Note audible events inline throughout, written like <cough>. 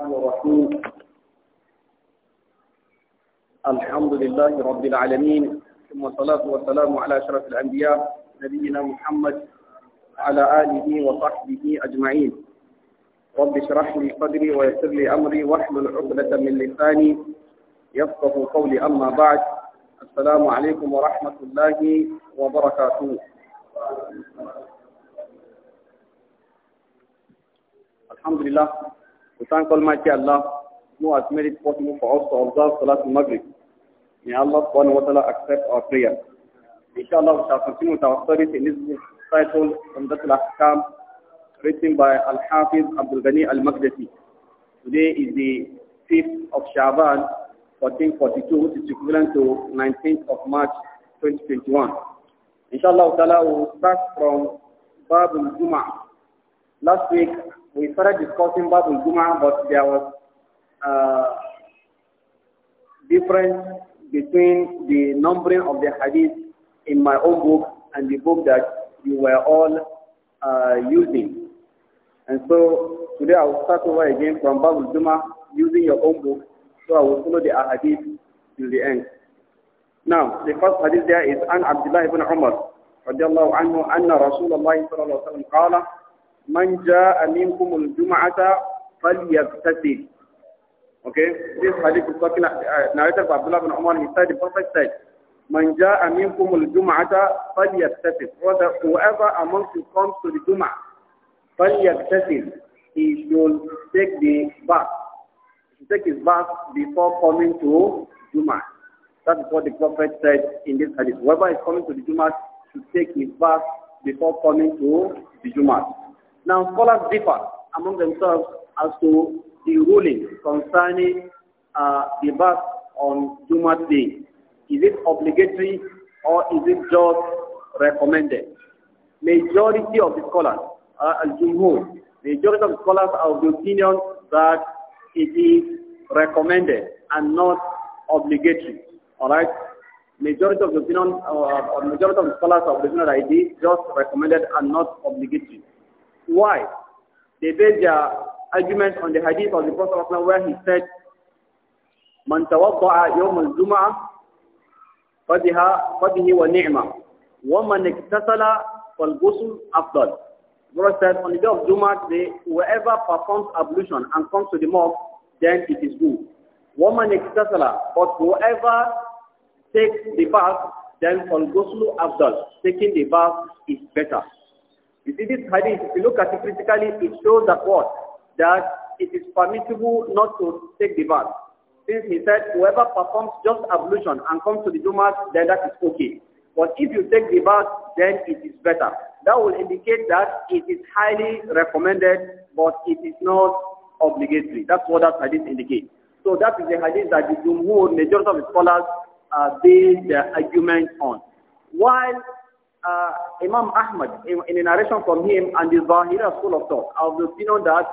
الرحمن الرحيم الحمد لله رب العالمين ثم الصلاة والسلام على أشرف الأنبياء نبينا محمد على آله وصحبه أجمعين رب اشرح لي صدري ويسر لي أمري واحلل عقدة من لساني يفقه قولي أما بعد السلام عليكم ورحمة الله وبركاته الحمد لله We thank Almighty Allah who has made it possible for us to observe Salat maghrib May Allah subhanahu wa ta'ala accept our prayer. Inshallah, we shall continue with our studies in this book titled Umdat ahkam written by Al-Hafiz Abdul Ghani al-Maqdisi. Today is the 5th of Shaban, 1442, which is equivalent to 19th of March, 2021. Inshallah, ta'ala, we'll start from Bab al-Jum'ah. Last week, we started discussing Babul Zuma, but there was a uh, difference between the numbering of the hadith in my own book and the book that you were all uh, using. And so today I will start over again from Babu Zuma, using your own book. So I will follow the hadith till the end. Now, the first hadith there is An Abdullah ibn Umar رضي الله عنه أن رسول الله صلى الله عليه وسلم قال man ja'a minkum al-jum'ata falyaktasib okay this hadith is talking about uh, narrated by Abdullah bin Umar he said the prophet said man ja'a minkum al-jum'ata falyaktasib whoever amongst you comes to the jum'ah falyaktasib he should take the bath he should take his bath before coming to jum'ah that's what the prophet said in this hadith whoever is coming to the jum'ah should take his bath before coming to the jum'ah now scholars differ among themselves as to the ruling concerning uh, the bath on Jumat day. Is it obligatory or is it just recommended? Majority of the scholars, uh, al-Jumhur, majority of the scholars are of the opinion that it is recommended and not obligatory. All right. Majority of the opinion, uh, majority of the scholars of the opinion that it is just recommended and not obligatory. Why? They base their argument on the hadith of the Prophet where he said, من توضع يوم الجمعة فبها فبه ونعمة ومن اكتسل فالغسل أفضل. Brother said, on the day of Jum'a, whoever performs ablution and comes to the mosque, then it is good. man extasala, but whoever takes the bath, then on Goslu Abdul, taking the bath is better. You see, this hadith, if you look at it critically, it shows that what? That it is permissible not to take the bath. Since he said, whoever performs just ablution and comes to the Jumat, then that is okay. But if you take the bath, then it is better. That will indicate that it is highly recommended, but it is not obligatory. That's what that hadith indicates. So that is the hadith that the majority of the scholars, uh, base their argument on. While uh, Imam Ahmad, in, in, a narration from him and the Zahira school of thought, of the opinion that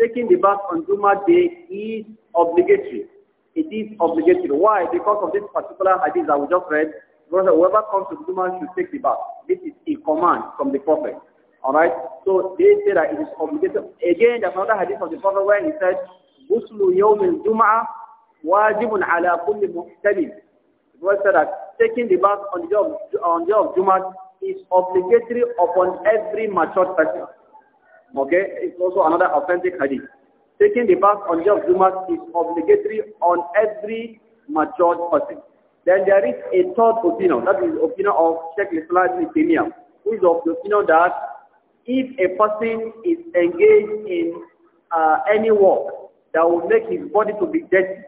taking the bath on Juma day is obligatory. It is obligatory. Why? Because of this particular hadith that we just read, whoever comes to Juma should take the bath. This is a command from the Prophet. Alright? So they say that it is obligatory. Again, there's another hadith of the Prophet where he said, غسل يوم الجمعة واجب على كل محتلم. The Prophet said that taking the bath on the day of, on the day of Juma is obligatory upon every mature person. Okay, it's also another authentic hadith. Taking the bath on the of is obligatory on every mature person. Then there is a third opinion, that is the opinion of Sheikh Islam Ibn Taymiyyah, who is of the opinion that if a person is engaged in uh, any work that will make his body to be dirty,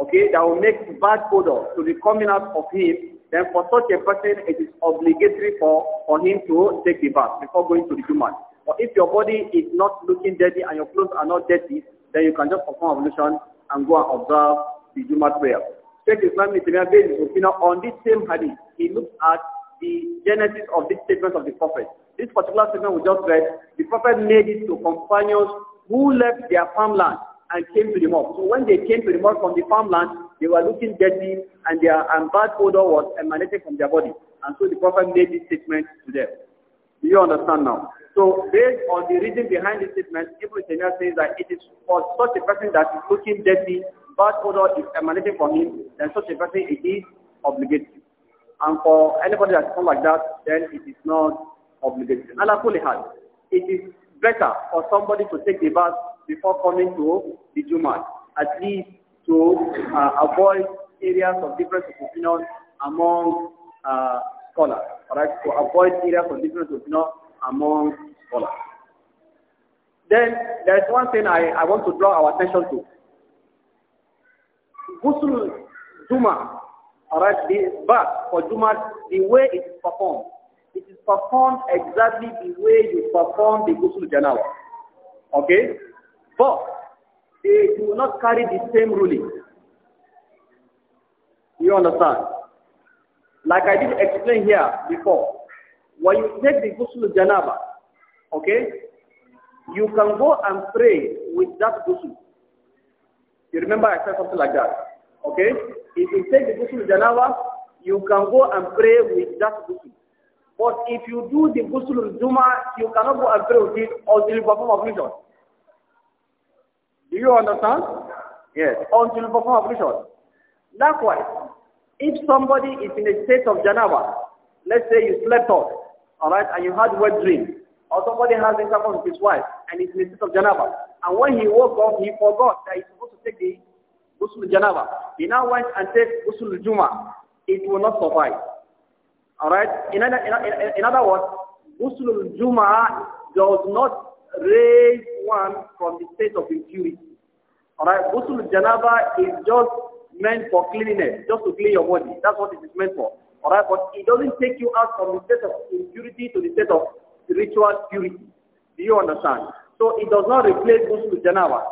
okay, that will make bad odor to the coming out of him, then for such a person, it is obligatory for, for him to take the bath before going to the Jummah. But if your body is not looking dirty and your clothes are not dirty, then you can just perform ablution and go and observe the Jummah prayer. Sheikh Islam Ibn based his on this same hadith. He looks at the genesis of this statement of the Prophet. This particular statement we just read, the Prophet made it to companions who left their farmland and came to the mosque. So when they came to the mosque from the farmland, they were looking dirty and their and bad odor was emanating from their body. And so the Prophet made this statement to them. Do you understand now? So based on the reason behind this statement, Ibn Taymiyyah says that it is for such a person that is looking dirty, bad odor is emanating from him, then such a person it is obligatory. And for anybody that comes like that, then it is not obligatory. And it is better for somebody to take the bath before coming to the Jummah, at least to uh, avoid areas of different opinion among uh, scholars, alright, to avoid areas of different opinion among scholars. Then there's one thing I, I want to draw our attention to. Ghusl Juma, alright, the bath for Juma, the way it is performed, it is performed exactly the way you perform the Ghusl Janawa. Okay? But they do not carry the same ruling. You understand? Like I did explain here before, when you take the ghusl janaba, okay, you can go and pray with that ghusl. You remember I said something like that, okay? If you take the ghusl janaba, you can go and pray with that ghusl. But if you do the ghusl juma, you cannot go and pray with it until you perform ablution. Do you understand? Yes, until before ablution. Likewise, if somebody is in a state of janaba, let's say you slept off, all right, and you had wet dream, or somebody has intercourse with his wife and he's in a state of janaba, and when he woke up, he forgot that he's supposed to take the ghusl janaba. He now went and takes ghusl juma. It will not suffice. All right. In other, in, in, in other words, ghusl juma does not raise one from the state of impurity. Alright, Ghusl Janaba is just meant for cleanliness, just to clean your body. That's what it is meant for. Alright, but it doesn't take you out from the state of impurity to the state of ritual purity. Do you understand? So it does not replace Ghusl Janaba.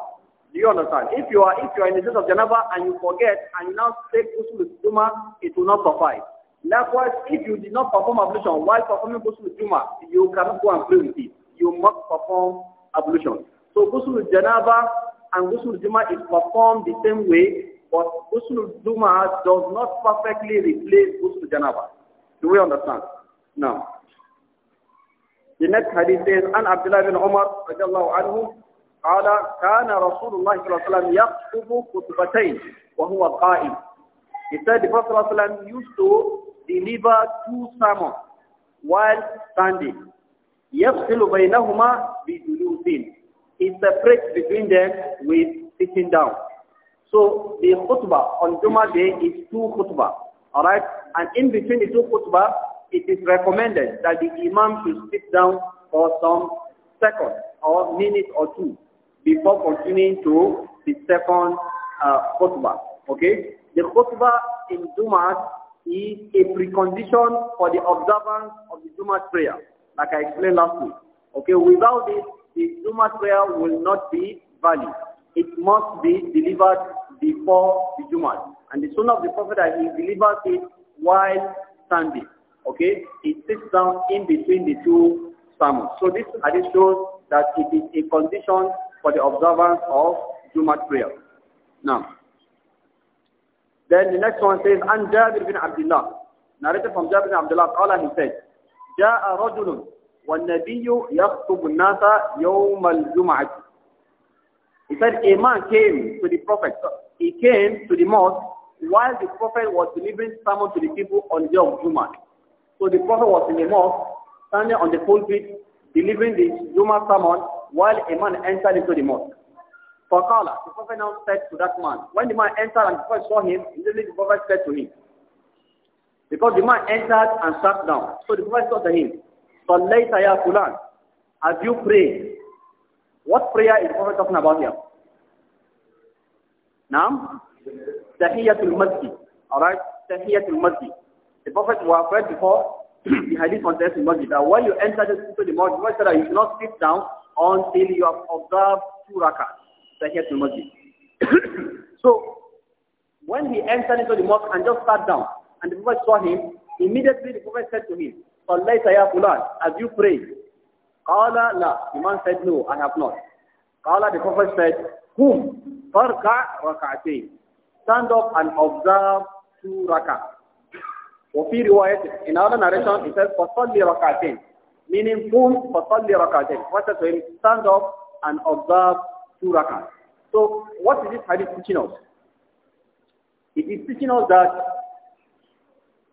Do you understand? If you are if you are in the state of Janaba and you forget and you now take Ghusl Juma, it will not suffice. Likewise, if you did not perform ablution while performing Ghusl Juma, you cannot go and play with it you must perform ablution. So ghusl janaba and ghusl juma is performed the same way, but ghusl juma does not perfectly replace ghusl janaba. Do we understand? Now, the next hadith says, "An Abdullah bin Umar radiallahu anhu." قال كان رسول الله صلى الله عليه وسلم يخطب خطبتين وهو قائم He said the Prophet used to deliver two sermons while standing. يفصل بينهما بجلوس He separates between them with sitting down. So the khutbah on Jummah day is two khutbah. Alright? And in between the two khutbah, it is recommended that the imam should sit down for some seconds or minute or two before continuing to the second uh, khutbah. Okay? The khutbah in Jummah is a precondition for the observance of the Jummah prayer like I explained last week. Okay, without this, the Jummah prayer will not be valid. It must be delivered before the Jummah. And the Sunnah of the Prophet, he delivers it while standing. Okay, it sits down in between the two sermons. So this hadith shows that it is a condition for the observance of Jummah prayer. Now, then the next one says, And Jabir bin Abdullah." Narrated from Jabir bin Abdullah, Allah he said, "Jaa rajulun والنبي يخطب الناس يوم الجمعة. He said a man came to the prophet. He came to the mosque while the prophet was delivering sermon to the people on the day of Juma. So the prophet was in the mosque, standing on the pulpit, delivering the Juma sermon while a man entered into the mosque. Fakala, the prophet now said to that man, when the man entered and the prophet saw him, immediately the prophet said to him, because the man entered and sat down. So the prophet said to him, Sallaita ya fulan. As you pray, What prayer is Prophet talking about here? Now, Tahiyatul Masjid. Alright? Tahiyatul Masjid. The Prophet was read before <clears throat> the hadith on Tahiyatul Masjid that when you enter into the mosque, Prophet said you should not sit down until you have observed two rakats. Tahiyatul Masjid. <clears throat> so, when he entered into the mosque and just sat down, and the Prophet saw him, immediately the Prophet said to him, صليت يا فلان as you pray قال لا the man said no I have not قال the prophet said قم فاركع ركعتين stand up and observe two rak'ah وفي رواية in other narration it says فصلي ركعتين meaning قم فصلي ركعتين what does it mean stand up and observe two rak'ah so what is this hadith teaching us it is teaching us that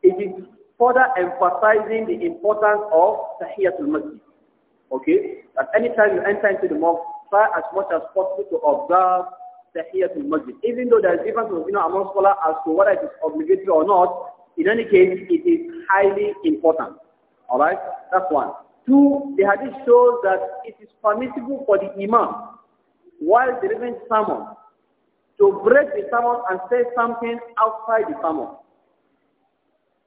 it is further emphasizing the importance of Tahiyatul Masjid. Okay? At any time you enter into the mosque, try as much as possible to observe Tahiyatul Masjid. Even though there is difference you know, among scholars as to whether it is obligatory or not, in any case, it is highly important. Alright? That's one. Two, the hadith shows that it is permissible for the imam, while delivering sermon, to break the sermon and say something outside the sermon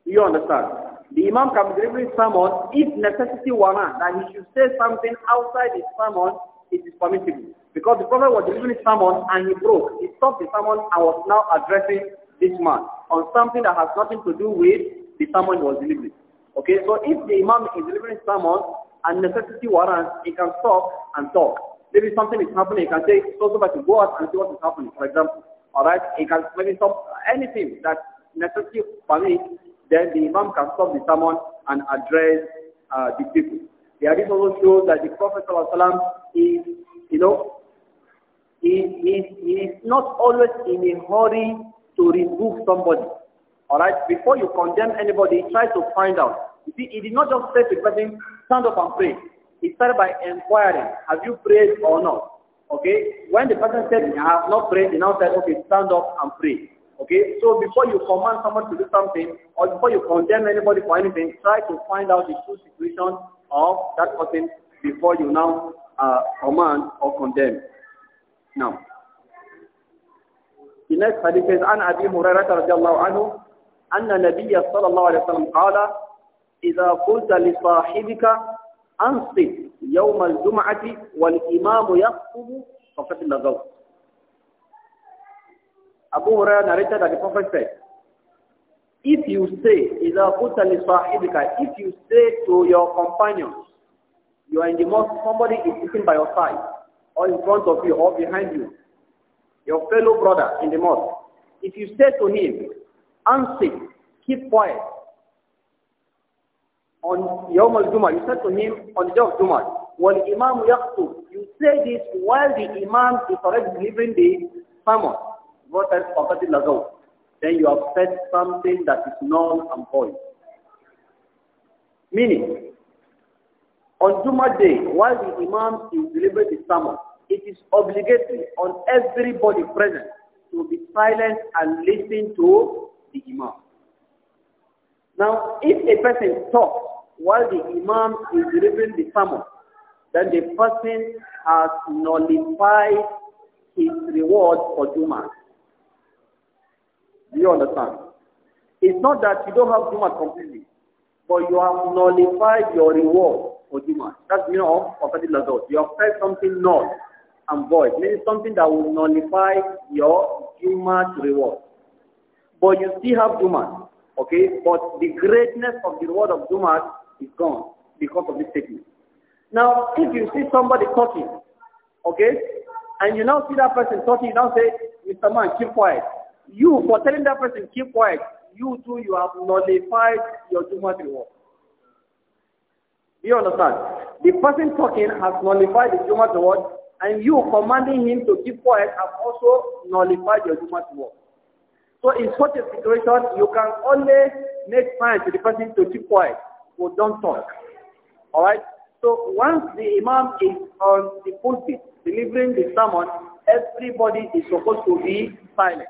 you understand? The Imam can delivering his sermon if necessity warrants that he should say something outside his sermon, it is permissible. Because the Prophet was delivering sermon and he broke. He stopped the sermon and was now addressing this man on something that has nothing to do with the sermon he was delivering. Okay, so if the Imam is delivering sermon and necessity warrants, he can stop and talk. Maybe something is happening, he can say, so so to go out and see what is happening, for example. Alright, he can maybe stop anything that necessity permits, then the Imam can stop the sermon and address uh, the people. The hadith also shows that the Prophet ﷺ is, you know, he, he, he is not always in a hurry to remove somebody. Alright, before you condemn anybody, try to find out. You see, he did not just say to the person, stand up and pray. He started by inquiring, have you prayed or not? Okay, when the person said, I have not prayed, he now said, okay, stand up and pray. Okay, so before you command someone to do something or before you condemn anybody for anything, try to find out the true situation of that person before you now uh, command or condemn. Now, the next hadith says, "An Abi Hurairah radhiyallahu anhu, anna Nabiy sallallahu alaihi wasallam qala, إذا قلت لصاحبك أنصت يوم الجمعة والإمام يخطب فقد لغوت Abu Hurairah narrated that the Prophet said, if you say, إِذَا قُلْتَ If you say to your companions, you are in the mosque, somebody is sitting by your side, or in front of you, or behind you, your fellow brother in the mosque. If you say to him, answer, keep quiet, on Yom al-Jum'ah, you said to him on the day of Jum'ah, when Imam yaqtu, you say this while the Imam is already delivering the sermon. What has property lagow? Then you have said something that is null and void. Meaning, on Juma day, while the Imam is delivering the sermon, it is obligatory on everybody present to be silent and listen to the Imam. Now, if a person talks while the Imam is delivering the sermon, then the person has nullified his reward for Juma. Do you understand? It's not that you don't have Juma completely, but you have nullified your reward for Juma. That's you know of the result. You have said something null and void, meaning something that will nullify your Juma's reward. But you still have Juma, okay? But the greatness of the reward of Juma is gone because of this statement. Now, if you see somebody talking, okay, and you now see that person talking, you now say, Mr. Man, keep quiet. You, for telling that person, keep quiet, you too, you have nullified your Jumat reward. You understand? The person talking has nullified the Jumat reward, and you commanding him to keep quiet have also nullified your Jumat reward. So in such a situation, you can only make signs to the person to keep quiet, but don't talk. All right? So once the imam is on the pulpit delivering the sermon, everybody is supposed to be silent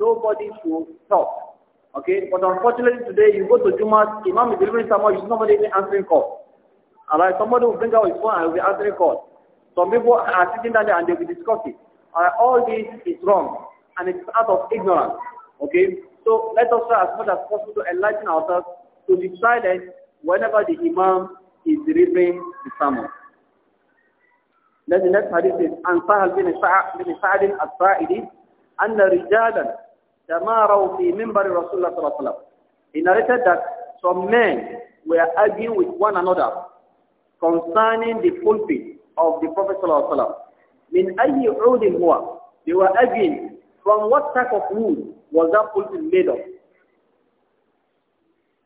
nobody should stop. Okay, but unfortunately today you go to Juma's, Imam is delivering someone, you see nobody even answering calls. Alright, somebody will bring out his phone and will be answering calls. Some people are sitting down there and they will discuss it. Alright, all this is wrong and it's out of ignorance. Okay, so let us try as much as possible to enlighten ourselves to be silent whenever the Imam is delivering the sermon. Then the next hadith is, عن سهل بن سعد بن سعد الساعدي أن رجالا tamaraw fi minbar Rasulullah sallallahu alaihi wasallam. He narrated that some men were arguing with one another concerning the pulpit of the Prophet sallallahu alaihi wasallam. Min ayyi udin huwa? They were arguing from what type of wood was that pulpit made of?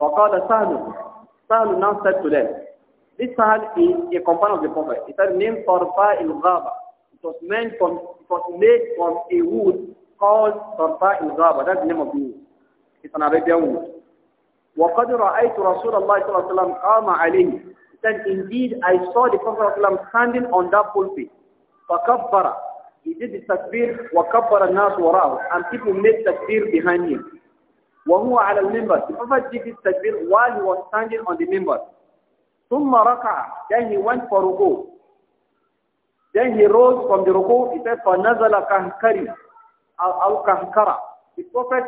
فقال سهل سهل now said to them this Sahal is a companion of the Prophet. It was named Farfa il Ghaba. It was meant from, it was made from a wood called Sarta Izaba. That's the name of the It's an Arabian وَقَدْ رَأَيْتُ رَسُولَ اللَّهِ صَلَّى اللَّهُ عَلَيْهِ وَسَلَّمَ قَامَ عَلَيْهِ said, indeed, I saw the Prophet ﷺ standing on that pulpit. فَكَبَّرَ He did the takbir, وَكَبَّرَ النَّاسُ وَرَاهُ And people made takbir behind him. وَهُوَ عَلَى الْمِنْبَرِ The Prophet did this takbir while he was standing on the minbar. ثُمَّ رَكَعَ Then he went for ruku. Then he rose from the ruku, he said, فَنَزَلَ كَهْكَرِي Al-Kahkara. The Prophet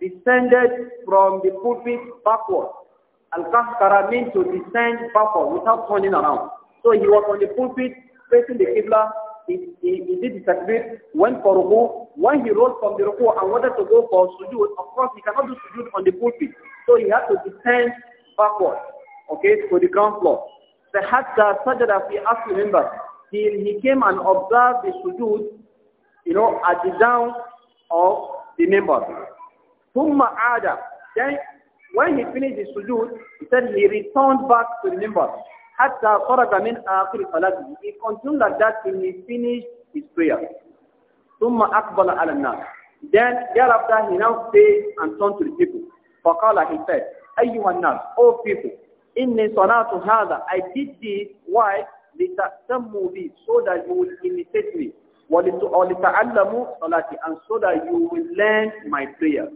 descended from the pulpit backward. Al-Kahkara means to descend backward without turning around. So he was on the pulpit facing the Qibla. He, he, he did the takbir, went for ruku. When he rose from the ruku and wanted to go for sujood, of course he cannot do sujood on the pulpit. So he had to descend backward, okay, to the ground floor. The hatta sajada fi asli member. He, he came and observed the sujood you know, at the down of the members. Thumma ada. Then when he finished his sujood, he said he returned back to the members. Hatta faraga min akhir salatihi. He continued like that till he finished his prayer. Thumma akbala ala nas. Then thereafter he now stayed and turned to the people. Faqala he said, Ayyuhan nas, O people, inni salatu hadha. I did this, why? Litattammu bi, so that you will imitate me. وَلِتَعَلَّمُوا And so that you will learn my prayer.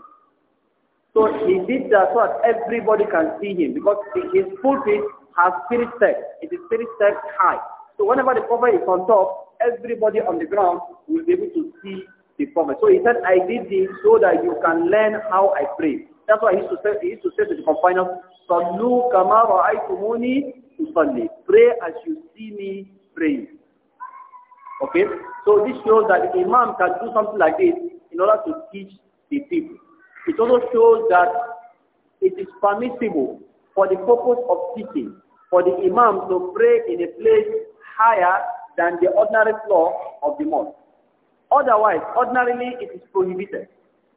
So he did that so that everybody can see him because his pulpit has spirit steps. It spirit steps high. So whenever the prophet is on top, everybody on the ground will be able to see the prophet. So he said, I did this so that you can learn how I pray. That's why he used to say, he used to, say to the companions, Sallu kama ra'aytumuni usalli. Pray as you see me praying. Okay? So this shows that the Imam can do something like this in order to teach the people. It also shows that it is permissible for the purpose of teaching for the Imam to pray in a place higher than the ordinary floor of the mosque. Otherwise, ordinarily it is prohibited.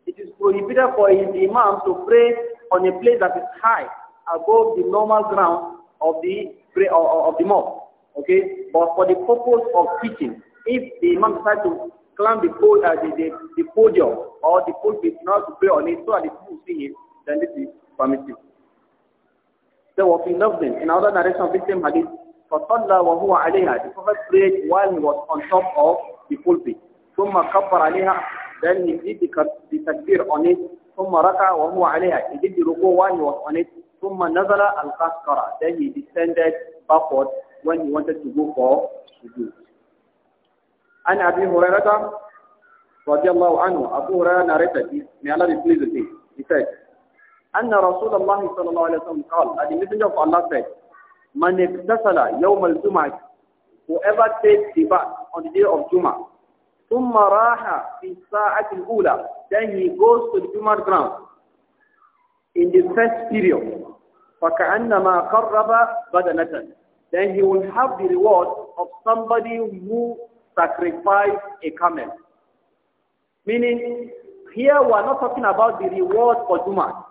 It is prohibited for the Imam to pray on a place that is high above the normal ground of the, of the mosque. Okay? But for the purpose of teaching, if the imam decides to climb the, pole, uh, the, the, the podium or the pole is not to pray on it so that the people see him, then this is permissible. So وفي then in another narration of the same hadith فصلى وهو عليها the prophet prayed while he was on top of the pulpit ثم كبر عليها then he did the, the takbir on it ثم he did the ruku while he was on it then he descended backwards when he wanted to go for sujood عن أبي هريرة رضي الله عنه أبو هريرة narrated من Allah be pleased أن رسول الله صلى الله عليه وسلم قال that the messenger of Allah said من اغتسل يوم الجمعة whoever takes the bath on the day of Juma ثم راح في الساعة الأولى then he goes to the Juma ground in the first period فكأنما قرب بدنة then he will have the reward of somebody who sacrifice a camel. Meaning, here we are not talking about the reward for Jumat.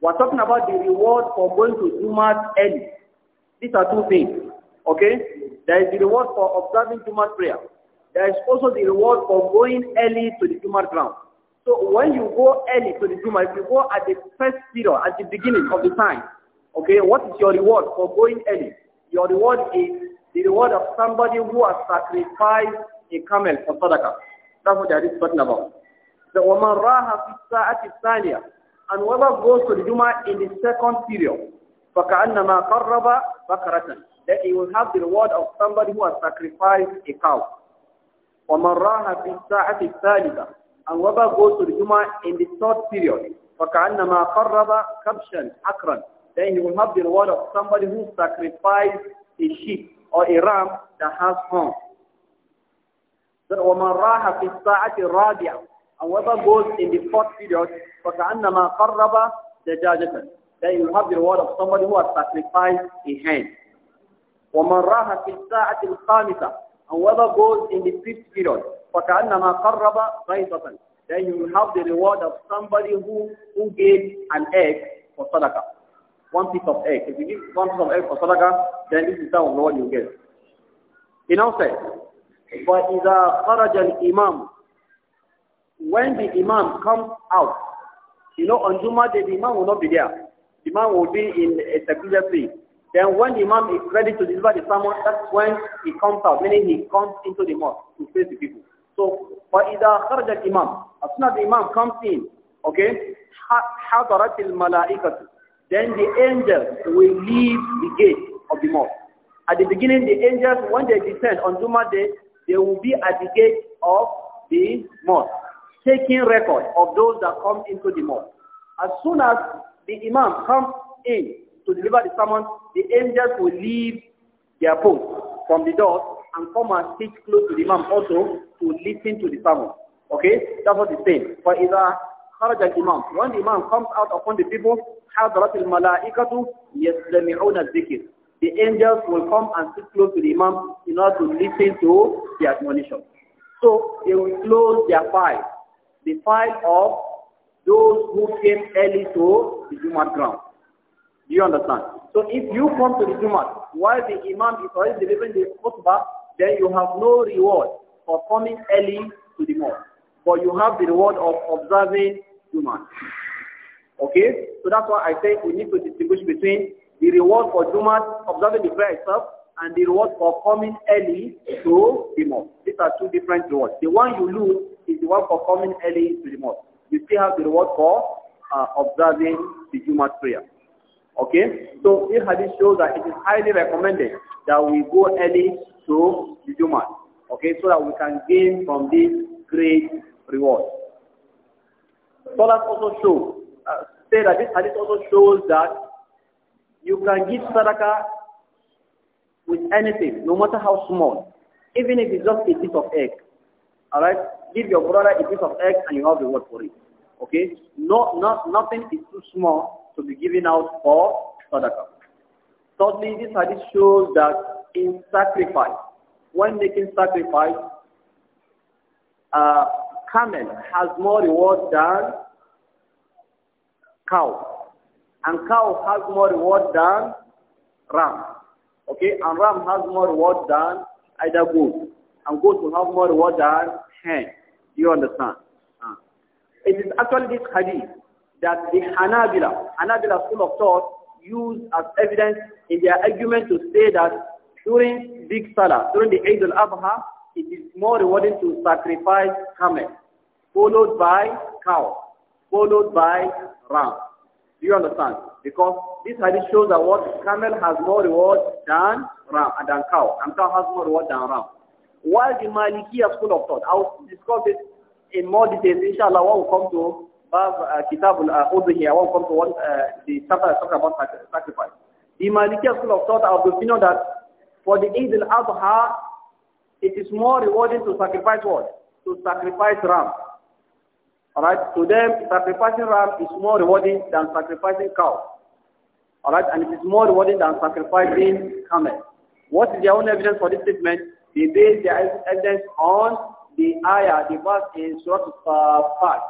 We are talking about the reward for going to Jumat early. These are two things. Okay? There is the reward for observing Jumat prayer. There is also the reward for going early to the Jumat ground. So when you go early to the Jumat, if you go at the first period, at the beginning of the time, okay, what is your reward for going early? Your reward is the reward of somebody who has sacrificed a camel for sadaqah. That's what they are is about. The woman raha fi sa'ati thaniya. And whoever goes to the Juma in the second period, فَكَأَنَّمَا قَرَّبَ بَكَرَةً Then he will have the reward of somebody who has sacrificed a cow. وَمَنْ رَاهَ فِي السَّاعَةِ الثَّالِثَةِ And whoever goes to the Juma in the third period, فَكَأَنَّمَا قَرَّبَ كَبْشًا أَكْرًا Then he will have the reward of somebody who sacrificed a sheep or a ram that has horn. Then وَمَنْ رَاحَ فِي السَّاعَةِ الرَّابِعَةِ And whoever goes in the fourth period, فَكَأَنَّمَا قَرَّبَ دَجَاجَةً Then you have the reward of somebody who has sacrificed a hen. وَمَنْ رَاحَ فِي السَّاعَةِ الْخَامِسَةِ And whoever goes in the fifth period, فَكَأَنَّمَا قَرَّبَ بَيْضَةً Then you will have the reward of somebody who, who gave an egg for sadaqah one piece of egg. If you give one piece of egg for sadaqah, then this is the what you get. He now says, a خَرَجَ Imam, When the imam comes out, you know, on Juma day, the imam will not be there. The imam will be in a secluded place. Then when the imam is ready to deliver the sermon, that's when he comes out, meaning he comes into the mosque to face the people. So, a خَرَجَ Imam, As soon as the imam comes in, okay, حَضَرَتِ الْمَلَائِكَةُ then the angels will leave the gate of the mosque. At the beginning, the angels, when they descend on Duma Day, they will be at the gate of the mosque, taking record of those that come into the mosque. As soon as the imam comes in to deliver the sermon, the angels will leave their post from the door and come and sit close to the imam also to listen to the sermon. Okay? That's what the same. For either خرج الإمام when the Imam comes out upon the people حضرت الملائكة يستمعون الذكر the angels will come and sit close to the Imam in order to listen to the admonition so they will close their file the file of those who came early to the Jumat ground do you understand so if you come to the Jumat while the Imam is already delivering the khutbah then you have no reward for coming early to the mosque but you have the reward of observing too much. Okay? So that's why I say we need to distinguish between the reward for Jumat observing the prayer itself and the reward for coming early to the mosque. These are two different rewards. The one you lose is the one for coming early to the mosque. You still have the reward for uh, observing the Jumat prayer. Okay? So this hadith shows that it is highly recommended that we go early to the Jumat. Okay? So that we can gain from this great reward. Scholars also show, uh, say that this hadith also shows that you can give sadaqah with anything, no matter how small, even if it's just a piece of egg. Alright? Give your brother a piece of egg and you have the word for it. Okay? No, not, nothing is too small to be given out for sadaqah. Thirdly, this hadith shows that in sacrifice, when making sacrifice, uh, camel has more reward than cow. And cow has more reward than ram. Okay, and ram has more reward than either goat. And goat will have more reward than hen. Do you understand? Uh. It is actually this hadith that the Hanabila, Hanabila school of thought, used as evidence in their argument to say that during big salah, during the Eid al-Adha, it is more rewarding to sacrifice camel, followed by cow, followed by ram. Do you understand? Because this hadith shows that what camel has more reward than ram and uh, than cow, and cow has more reward than ram. While the Malikiya school of thought, I will discuss it in more detail. Inshallah, when we come to Bab uh, Kitab al-Udhiyah, uh, when we come to what, uh, the chapter talking about sacrifice. The Malikiya school of thought I of the opinion that for the Eid al-Adha, it is more rewarding to sacrifice what? To sacrifice ram. Alright, to them, sacrificing ram is more rewarding than sacrificing cow. Alright, and it is more rewarding than sacrificing camel. What is their own evidence for this statement? They base their evidence on the ayah, the verse in Surah uh, Fat.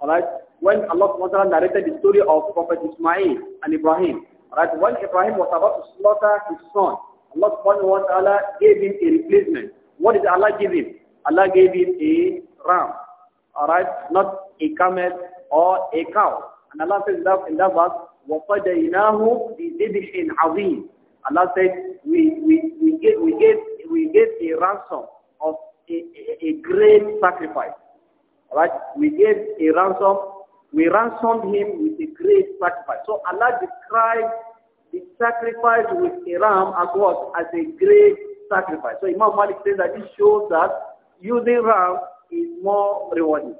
Alright, when Allah SWT narrated the story of Prophet Ismail and Ibrahim. Alright, when Ibrahim was about to slaughter his son, Allah subhanahu wa ta'ala gave him a replacement. What did Allah give him? Allah gave him a ram, all right, not a camel or a cow. And Allah says in that, in that verse, وَفَدَيْنَاهُ بِذِبْحٍ عَظِيمٍ Allah said, we, we, we, gave, we, gave, we gave a ransom of a, a, a great sacrifice. All right? We gave a ransom. We ransomed him with a great sacrifice. So Allah described the sacrifice with a ram as what? As a great sacrifice. So Imam Malik says that it shows that using ram is more rewarding.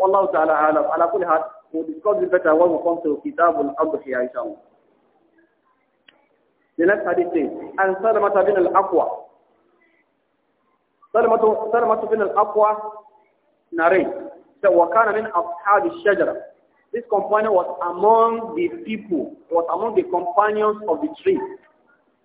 Wallahu ta'ala alam. Ala kulli hal, we'll discuss it better when we come to Kitab al-Adhiya inshallah. The next hadith says, And Salamata bin al-Aqwa. Salamata bin al-Aqwa narrates, that Wakana min ashab al-shajara. This companion was among the people, was among the companions of the tree.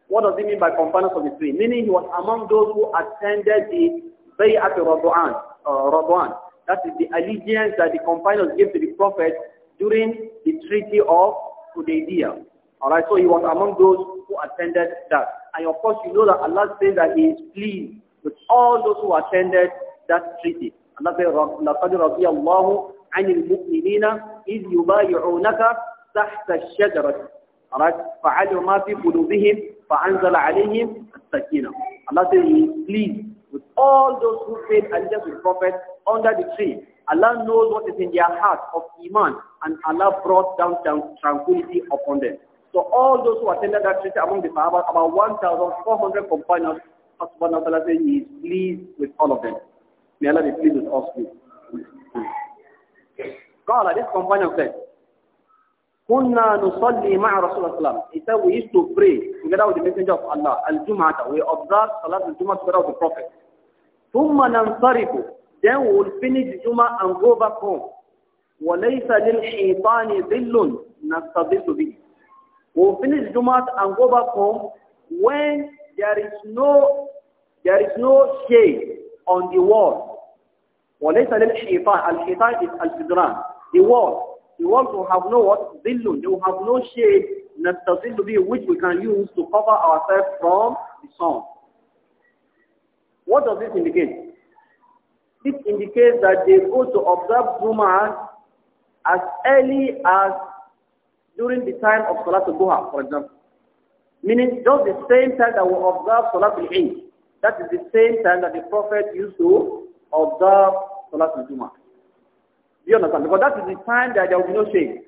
What does he mean by companions of the three? Meaning he was among those who attended the Bay'at Radwan, uh, Radwan. That is the allegiance that the companions gave to the Prophet during the Treaty of Hudaybiyah. Alright, so he was among those who attended that. And of course, you know that Allah says that he is pleased with all those who attended that treaty. Allah says, لَقَدْ رَضِيَ اللَّهُ عَنِ الْمُؤْمِنِينَ إِذْ يُبَايِعُونَك تَحْتَ Alright, فَعَلِمْ مَا فِي قُلُوبِهِمْ فَأَنْزَلَ عَلَيْهِمْ السَّكِينَ Allah says He is pleased with all those who paid allegiance to the Prophet under the tree. Allah knows what is in their heart of Iman and Allah brought down tranquility upon them. So all those who attended that retreat among the Sahaba, about 1,400 companions, Allah subhanahu says He is pleased with all of them. May Allah be pleased with us. God, this companion said, Kunna nusalli ma'a Rasulullah He said we used to pray together with the messenger of Allah. Al-Jum'ata. We observe Salat al-Jum'ah together with the Prophet. Thumma nansarifu. Then we will finish the Jum'ah and go back home. وَلَيْسَ لِلْحِيطَانِ ظِلٌّ نَسْتَظِلُّ بِهِ We'll finish Jum'ah and go back home when there is no there is no shade on the wall. وَلَيْسَ لِلْحِيطَانِ Al-Hitan is al-Sidran. The wall. You also have no what? Zillu. You have no shade, nastazillu bi, which we can use to cover ourselves from the sun. What does this indicate? This indicates that they go to observe Jum'ah as early as during the time of Salatul Duha, for example. Meaning just the same time that we observe Salatul Eid. That is the same time that the Prophet used to observe Salatul Jum'ah. You understand? Because that is the time that there will be no shade.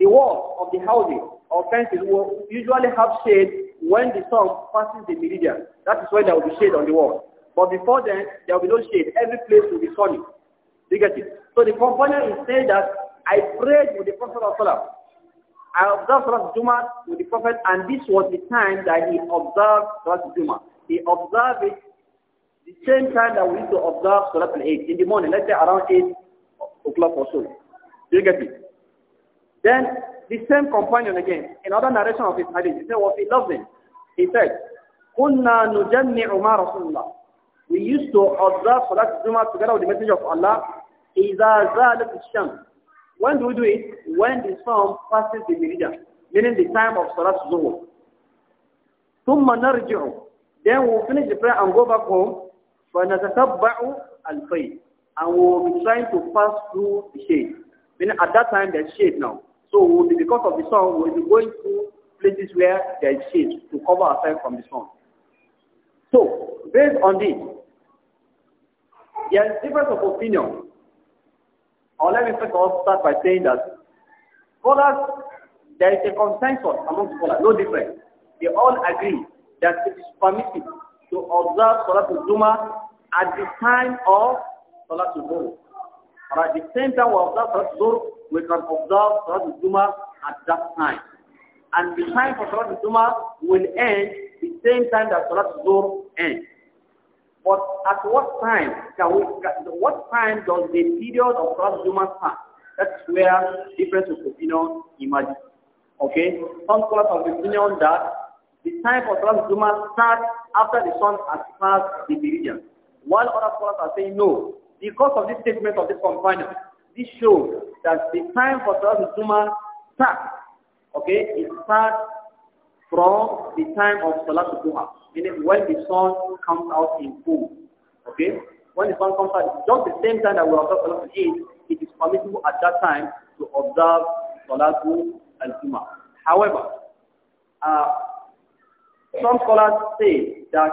The walls of the houses or fences will usually have shade when the sun passes the meridian. That is when there will be shade on the wall. But before then, there will be no shade. Every place will be sunny. You get it? So the companion is saying that I prayed with the Prophet of Allah. I observed Salat Juma with the Prophet, and this was the time that he observed Salat Juma. He observed it the same time that we used to observe Salat al-Eid. In the morning, let's say around 8, o'clock or so. Do you get it? Then the same companion again, another narration of his hadith, he said what he loves him. He said, كُنَّا نُجَمِّعُ مَا رَسُولُ We used to observe Salat Jummah together with the message of Allah, When do we do it? When the sun passes the meridian, meaning the time of Salat Zuhur. ثُمَّ نَرْجِعُ Then we'll finish the prayer and go back home, فَنَتَتَبَّعُ الْخَيْرِ and we will be trying to pass through the shade. Meaning at that time there's shade now. So we'll be, because of the sun, we'll be going to places where there is shade to cover ourselves from the sun. So, based on this, there is difference of opinion. Or let me first all start by saying that scholars, there is a consensus among scholars, no difference. They all agree that it is permitted to observe Salatul zuma at the time of Salat al But at the same time we observe Salat al we can observe Salat al at that time. And the time for Salat al will end the same time that Salat al ends. But at what time can we, what time does the period of Salat al start? That's where difference of opinion emerges. Okay? Some scholars of opinion that the time for Salat al starts after the sun has passed the meridian. While other scholars are saying no, because of this statement of this companion, this shows that the time for Salat al starts, okay, it starts from the time of Salat al-Jum'ah, meaning when the sun comes out in full, okay? When the sun comes out, just the same time that we observe Salat al-Eid, it is permissible at that time to observe Salat al-Jum'ah. However, uh, some scholars say that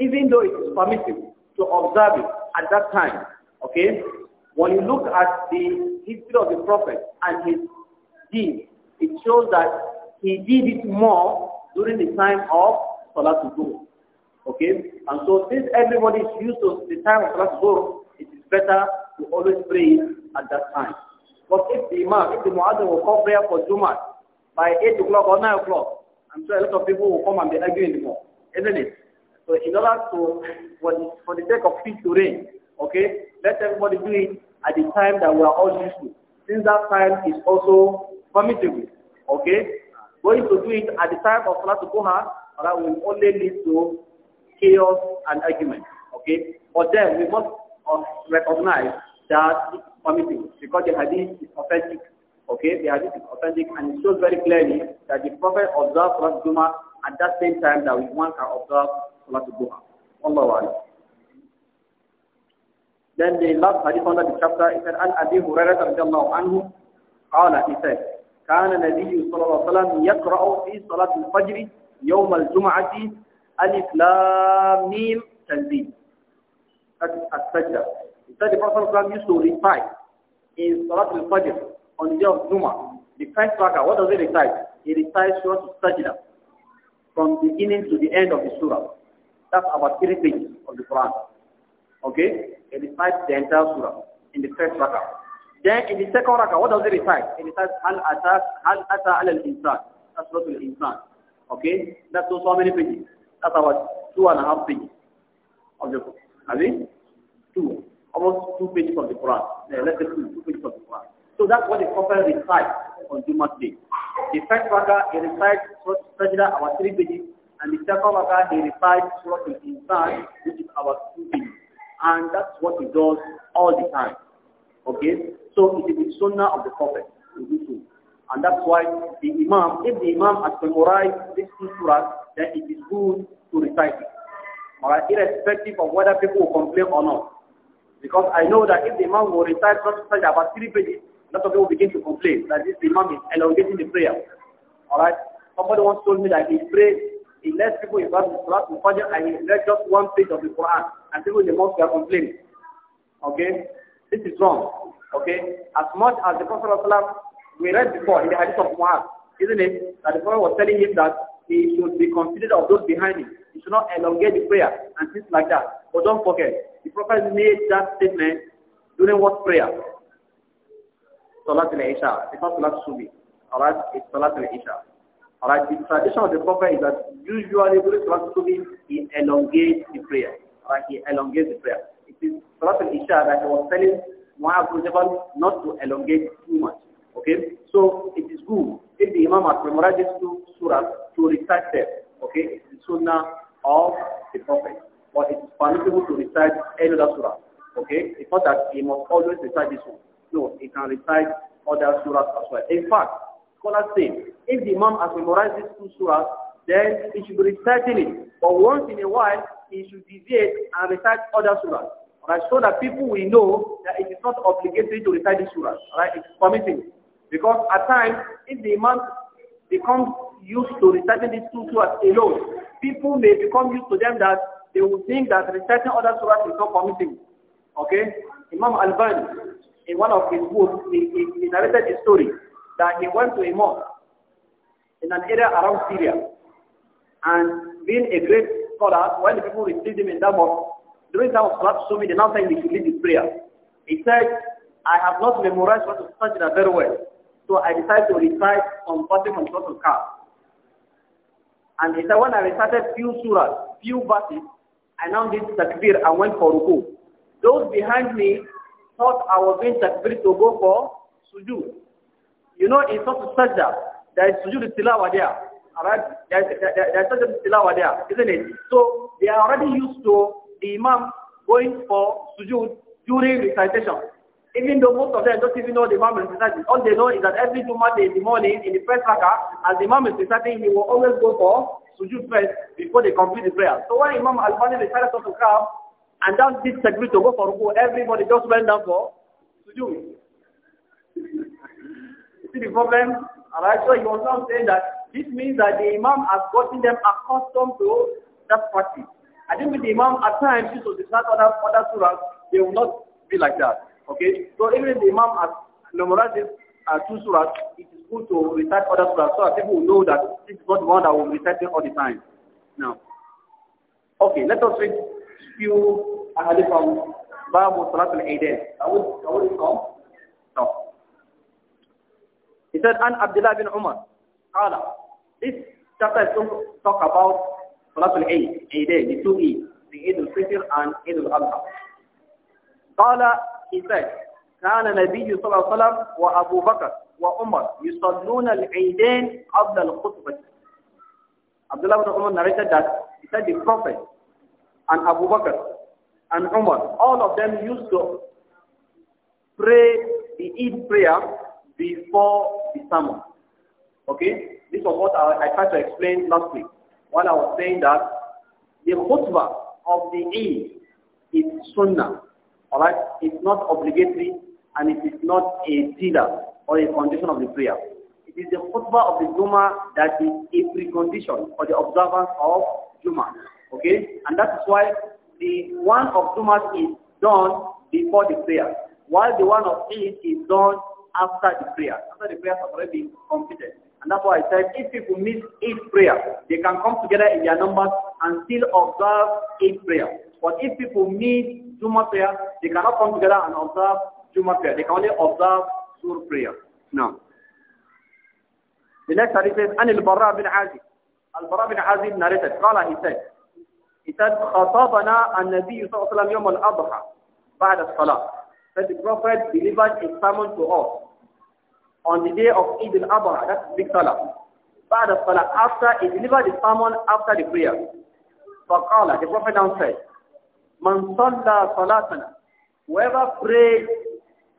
even though it is permissible to observe it at that time, okay, when you look at the history of the prophet and his deeds, it shows that he did it more during the time of Salatul Zuhr. Okay? And so since everybody is used to the time of Salatul Zuhr, it is better to always pray at that time. But if the Imam, if the Muazzin will call prayer for Jumat by 8 o'clock or 9 o'clock, I'm sure a lot of people will come and be arguing more, isn't it? So in order to, for the, sake of peace to reign, okay, let everybody do it at the time that we are all used to. Since that time is also permissible, okay? Going to do it at the time of Salat Duha, that will only lead to chaos and argument, okay? But then we must recognize that it's permissible because the hadith is authentic, okay? The hadith is authentic and it shows very clearly that the Prophet observed Salat Duha at that same time that one can observe salat duha. Wallahu a'lam. Then the last hadith under the chapter is an Abi Hurairah radiallahu anhu قال he said كان النبي صلى الله عليه وسلم يقرأ في صلاة الفجر يوم الجمعة ألف لام ميم تنزيل السجدة He said the Prophet ﷺ used to recite in Salat al-Fajr on the day of Juma. The first rakah, what does he recite? He recites Surah al-Sajda from beginning to the end of the surah. That's about three pages of the Quran. Okay? It recites the entire surah in the first rakah. Then in the second rakah, what does it recite? It recites Hal Atas Hal Ata al Insan. That's what al Insan. Okay? That's also how many pages? That's about two and a half pages of the Quran. I mean, two. Almost two pages of the Quran. Yeah, let's say two, two pages of the Quran. So that's what the Prophet recites on Jumat day. The first rakah, he recites Sajda about three pages. And the second rakah, he recites what is in insan which is our soothing. And that's what he does all the time. Okay? So it is the sunnah of the Prophet to do so. And that's why the Imam, if the Imam has memorized this surah, then it is good to recite it. Alright, irrespective of whether people will complain or not. Because I know that if the Imam will recite such such about three pages, a lot of people begin to complain that this Imam is elongating the prayer. Alright? Somebody once told me that he prayed he led people in Salat al-Fajr and he read just one page of the Quran. And people in the mosque are complaining. Okay? This is wrong. Okay? As much as the Prophet we read before in the hadith of Muaz, isn't it? That the Prophet was telling him that he should be considered of those behind him. He should not elongate the prayer and things like that. But don't forget, the Prophet made that statement during what prayer? Salat al-Isha. The not Salat Subi. Alright? It's Salat al-Isha. Alright, the tradition of the Prophet is that usually during Salat he elongates the prayer. Alright, he elongates the prayer. It is Salat al-Isha that he was telling Mu'ab not to elongate too much. Okay, so it is good if the Imam has memorized two surahs to recite them. Okay, it's the sunnah of the Prophet. But it is permissible to recite other surah. Okay, it's not that he must always recite this one. No, he can recite other surahs as well. In fact, scholars say, if the Imam has memorized these two surahs, then he should be reciting it. But once in a while, he should deviate and recite other surahs. Right, so that people will know that it is not obligatory to recite the surahs. Right, it's permitting. Because at times, if the Imam becomes used to reciting these two surahs alone, people may become used to them that they will think that reciting other surahs is not permitting. Okay? Imam Al-Bani, in one of his books, he, he, he narrated a story that he went to a mosque in an area around Syria. And being a great scholar, when the people received him in that mosque, during time of Salat Sumi, they now said he should lead his prayer. He said, I have not memorized what to study that very well. So I decided to recite on Fatima and Suratul Kaf. And he said, when I recited few surahs, few verses, I now did takbir and went for ruku. Those behind me thought I was being takbir to go for sujood. You know, in a Sajda, there is sujood tilawa there. Alright? There is, there, there is sujood tilawa there, isn't it? So, they are already used to the imam going for sujood during recitation. Even though most of them don't even know the Imam is reciting. All they know is that every Jummah day in the morning, in the first raka, as the Imam is reciting, he will always go for sujood first before they complete the prayer. So when Imam Al-Fani recited to come, and that's this segment to go for ruku, everybody just went down for sujood. You see the problem? alright? So he was now saying that this means that the Imam has gotten them accustomed to that practice. I think with the Imam, at times, so it's not other, other surahs, they will not be like that. Okay? So even if the Imam has memorized these uh, two surahs, it is good to recite other surahs so that people will know that this is not one that will recite all the time. Now, okay, let us read few ahadith from Babu Salat al-Aidain. I would, I would come. No. He said, An Abdullah bin Umar, Qala. This chapter is going to talk about Salatul Eid, Eidain, the two Eids, the Eid al-Fitr and Eid al-Adha. Qala, he said, كان النبي صلى الله عليه وسلم وأبو بكر وعمر يصلون العيدين قبل الخطبة. Abdullah bin Umar narrated that he said the Prophet and Abu Bakr and Umar, all of them used to pray the Eid prayer before the sermon. Okay? This was what I, I tried to explain last week when I was saying that the khutbah of the Eid is sunnah. Alright? It's not obligatory and it is not a pillar or a condition of the prayer. It is the khutbah of the Jummah that is a precondition for the observance of Jummah. Okay? And that is why the one of Jummah is done before the prayer, while the one of Eid is done after the prayer. After the prayer has already been completed. And that's why I said if people miss each prayer, they can come together in their numbers and still observe each prayer. But if people miss Juma prayer, they cannot come together and observe Juma prayer. They can only observe Sur prayer. Now, the next hadith says, عن bin بن al البراء bin عازب narrated. Kala he said, he said, خطابنا النبي صلى الله عليه وسلم يوم الأضحى بعد الصلاة that the Prophet delivered a sermon to us on the day of Eid al-Adha, that's Big Salah. Ba'da Salah, after he delivered the sermon after the prayer. فقال, the Prophet now said, Man salla salatana, whoever prayed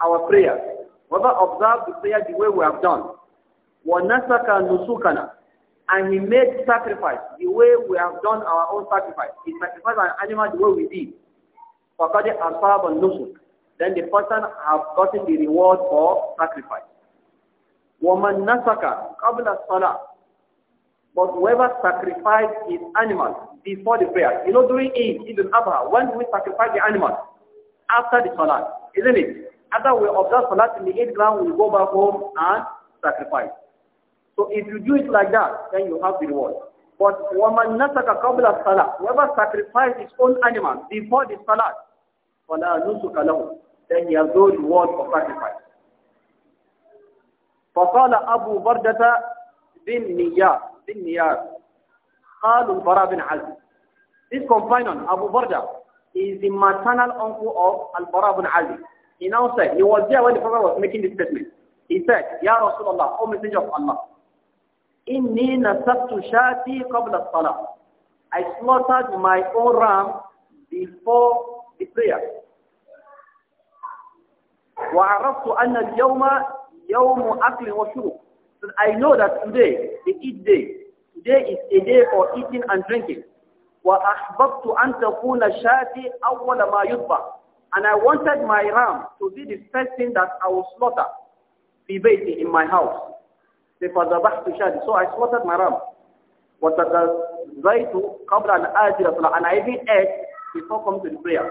our prayer, whoever observed the prayer the way we have done, wa nasaka nusukana, and he made sacrifice the way we have done our own sacrifice. He sacrificed an animal the way we did. فَقَدْ أَصَابَ النُّسُكَ then the person have gotten the reward for sacrifice. Woman nasaka kabla الصَّلَةِ But whoever sacrificed his animal before the prayer, you know during Eid, even al-Abha, when we sacrifice the animal? After the Salah, isn't it? After we observe Salah in the Eid ground, we go back home and sacrifice. So if you do it like that, then you have the reward. But woman nasaka kabla الصَّلَةِ Whoever sacrificed his own animal before the Salah, فَلَا نُسُكَ لَهُ then he has no reward for sacrifice. فقال أبو بردة بن نيار بن نيار قال البراء بن عازب This companion, Abu Barda, is the maternal uncle of Al-Bara bin Ali. He now said, he was there when the Prophet was making this statement. He said, Ya Rasulullah, O Messenger of Allah, Inni nasabtu shati qabla salah. I slaughtered my own ram before the prayer. وعرفت أن اليوم يوم أكل وشرب So I know that today, the eat day, today is a day for eating and drinking. وأحببت أن تكون شاتي أول ما يذبح and I wanted my ram to be the first thing that I will slaughter في بيتي in my house so I slaughtered my ram وتغذيت قبل أن آتي and I even ate before coming to the prayer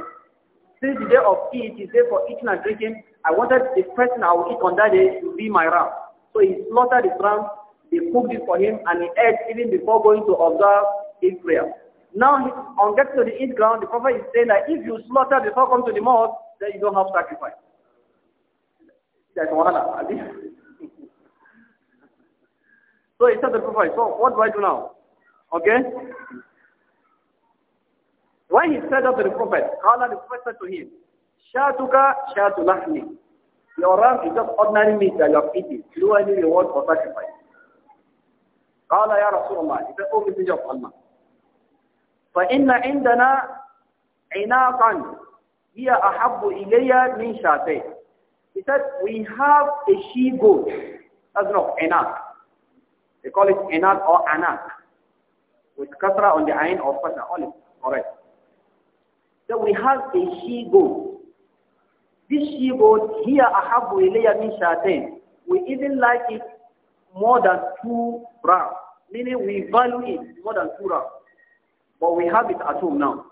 since the day of Eid is there for eating and drinking, I wanted the person I will eat on that day to be my ram. So he slaughtered his ram, they cooked it for him, and he ate even before going to observe his prayer. Now, on getting to the Eid ground, the Prophet is saying that if you slaughter before coming to the mosque, then you don't have sacrifice. That's wahala. <laughs> so he said to the Prophet, so what do I do now? Okay? When he said that to the Prophet, Prophet, requested to him, Shatuka shatu lahmi. Your ram is just ordinary meat that you are eating. Do any reward for sacrifice. قال يا رسول He said, Oh Messenger of Allah. فإن عندنا عناقا هي أحب إلي من شاتين. He said, we have a she-goat. That's not enough. They call it anak or anak. With kasra on the ayn or fasa, all is correct. So we have a she-goat. This she-goat here, I ilayya min shatain. We even like it more than two rams, meaning we value it more than two rams. But we have it at home now.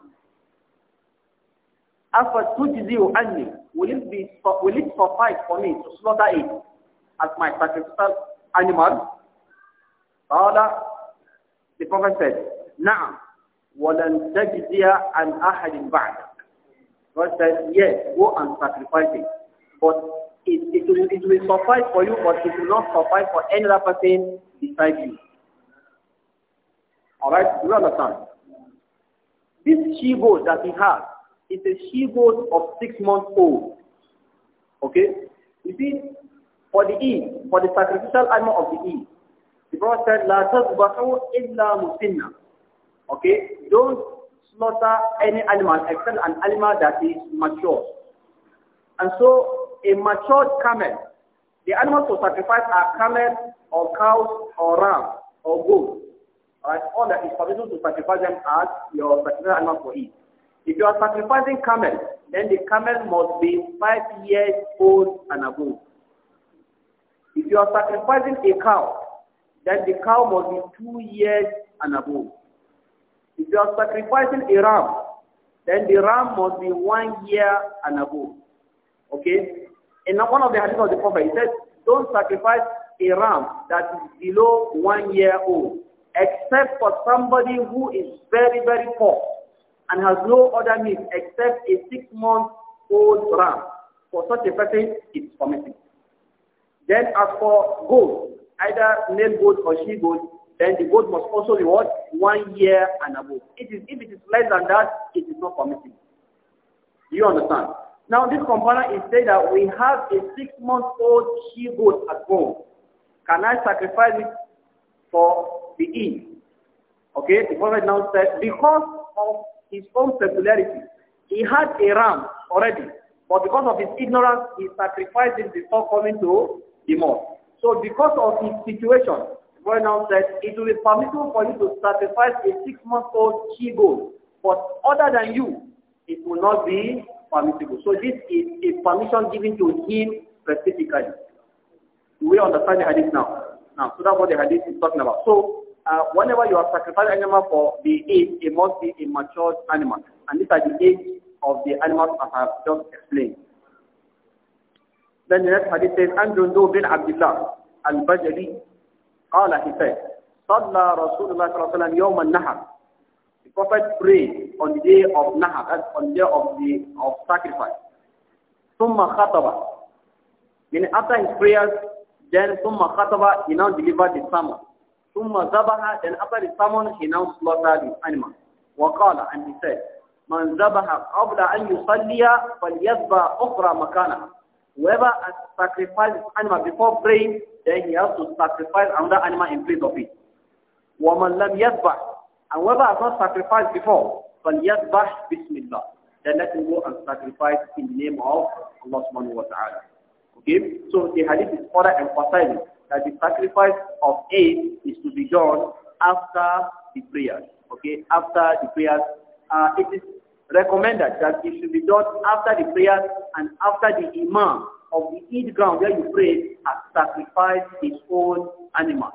After two zero anni, will it be will it suffice for me to slaughter it as my sacrificial animal? Qala, the Prophet said, "Now." وَلَنْ تَجْزِيَ عَنْ أَحَدٍ بَعْدَكَ God says, yes, go and sacrifice it. But it, it, will, it will suffice for you, but it will not suffice for any other person beside you. Alright, do you understand? This she-goat that he has is a she-goat of six months old. Okay? You see, for the Eid, for the sacrificial animal of the Eid, the Prophet said, la تذبحوا إلا مسنة Okay? Don't slaughter any animal except an animal that is mature. And so a mature camel, the animals to sacrifice are camel or cows or ram or goat. Right? All that is permissible to sacrifice them as your sacrificial animal for eat. If you are sacrificing camel, then the camel must be five years old and above. If you are sacrificing a cow, then the cow must be two years and above. If you are sacrificing a ram, then the ram must be one year and above. Okay? In one of the hadith of the Prophet, he says, don't sacrifice a ram that is below one year old, except for somebody who is very, very poor and has no other means except a six-month-old ram. For such a person, it's permitted. Then as for gold, either male goat or she goat, then the goat must also be what? One year and above. It is, if it is less than that, it is not permitted. Do you understand? Now this component is saying that we have a six-month-old she goat at home. Can I sacrifice it for the inn? Okay, the prophet now said, because of his own peculiarity, he had a ram already, but because of his ignorance, he sacrificed it before coming to the mosque. So because of his situation, it will be permissible for you to sacrifice a six-month-old she goat, but other than you, it will not be permissible. So this is a permission given to him specifically. We understand the hadith now. Now, so that's what the hadith is talking about. So, uh, whenever you are sacrificing animal for the age, it must be a matured animal. And these are the age of the animals I have just explained. Then the next hadith says, عن جندو بن عبد قال he said, صلى رسول الله صلى الله عليه وسلم يوم النحر. The Prophet prayed on the day of Nahar, that's on the day of the of sacrifice. ثم خطب. Meaning after his prayers, then ثم خطب, he now delivered the sermon. ثم زبها, then after the sermon, he now slaughtered his animal. وقال, and he said, من ذبح قبل أن يصلي فليذبح أخرى مكانها. Whoever has sacrificed animal before praying, then he has to sacrifice another animal in place of it. Woman لَمْ يَذْبَحْ And whoever has not sacrificed before, فَلْيَذْبَحْ Bismillah. Then let him go and sacrifice in the name of Allah subhanahu wa ta'ala. Okay? So the hadith is further emphasizing that the sacrifice of aid is to be done after the prayers. Okay? After the prayers. Uh, it is recommended that it should be done after the prayers and after the imam of the Eid ground where you pray has sacrificed his own animal.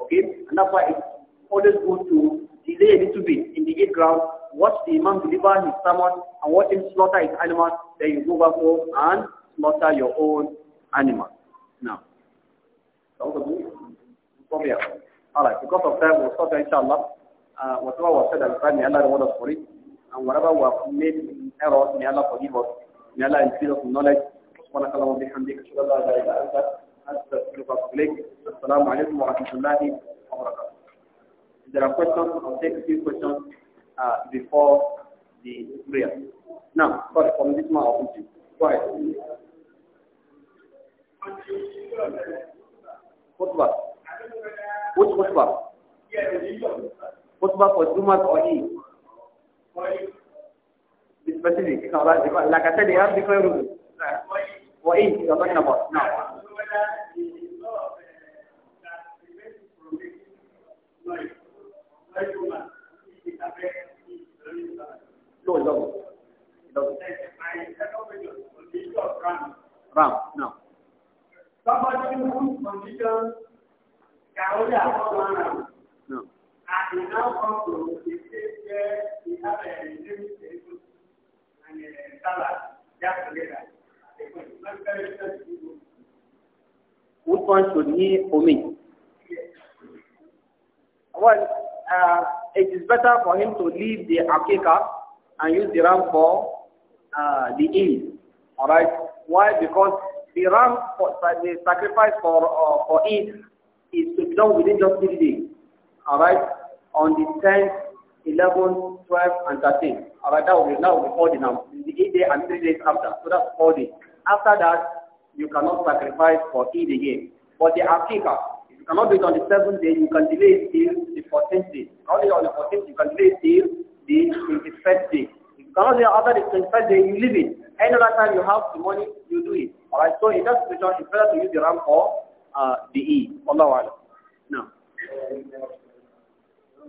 Okay? And that's why it's always good to delay a little bit in the Eid ground, watch the imam deliver his sermon and watch him slaughter his animal, then you go back home and slaughter your own animal. Now, that was good Alright, because of that, we'll stop there, inshallah. Uh, whatever was said at the time, may Allah reward us for it and whatever we have made in error, may Allah forgive us. May Allah increase us in knowledge. سبحانك اللهم وبحمدك اشهد ان لا اله الا انت استغفرك If there are questions, I'll take a few questions uh, before the prayer. Now, sorry, from this one, I'll Go ahead. Khutbah. Which khutbah? Khutbah for Jumat or Eid? you No. And they now come to the stage where we have a new table and a salad just together. Which one should he or Well, uh, it is better for him to leave the akika and use the ram for uh, the Eid. All right. Why? Because the ram for the sacrifice for uh, for Eid is to be done within just three days alright, on the 10th, 11, 12, and 13. All right, that will be, that will be four days now. The eight day and three days after. So that's four days. After that, you cannot sacrifice for Eid again. But the Akika, if you cannot do it on the seventh day, you can delay it till the 14th day. Only on the 14th, you can delay it till the 21st day. If you cannot do it after the 21st day, you leave it. Any other time you have the money, you do it. All right, so in that situation, it's better to use the ram for uh, the Eid. Allah Allah. No.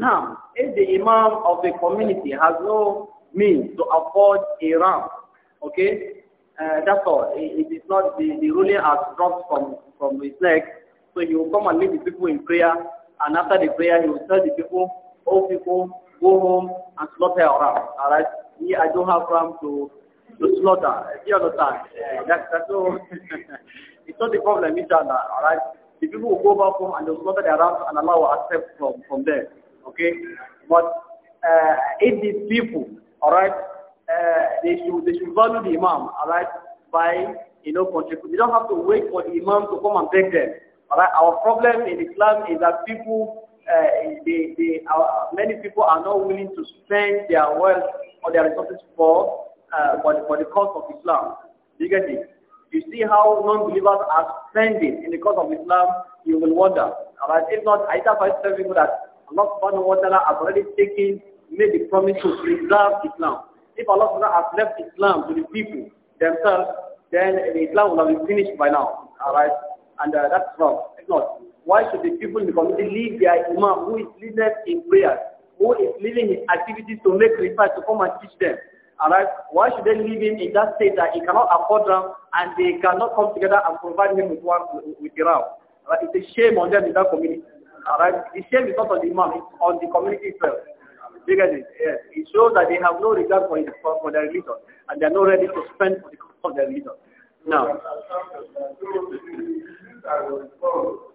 Now, if the imam of the community has no means to afford a ram, okay, uh, that's all. it is not the, the ruling has dropped from, from his neck. So he will come and lead the people in prayer, and after the prayer, he will tell the people, oh people, go home and slaughter your ram. All right? Me, I don't have ram to to slaughter. Do you understand? Yeah. That's that's all. <laughs> it's not the problem, inshallah. All right? The people will go back home and they'll slaughter their rams and Allah will accept from from there. Okay? But uh, if these people, all right, uh, they should they should value the imam, all right, by you know contribute. They don't have to wait for the imam to come and beg them. All right, our problem in Islam is that people uh, they, they are, many people are not willing to spend their wealth or their resources for, uh, for, the, for the cause of Islam. You get it? You see how non-believers are spending in the cause of Islam, you will wonder. Alright, if not, I tell myself people that Allah subhanahu wa ta'ala has already taken, made the promise to preserve Islam. If Allah subhanahu wa ta'ala has left Islam to the people themselves, then the Islam will have been finished by now. Alright, and uh, that's wrong. If not, why should the people in the community leave their imam who is leading in prayers, who is leading his activities to make research to come and teach them? Alright, why should they leave him in that state that he cannot afford them and they cannot come together and provide him with one with the round? Right? It's a shame on them in that community. Alright, the shame is not on the imam, it's on the community itself. Because it, it shows that they have no regard for, his, for, for their religion and they are not ready to spend for the their religion. Now.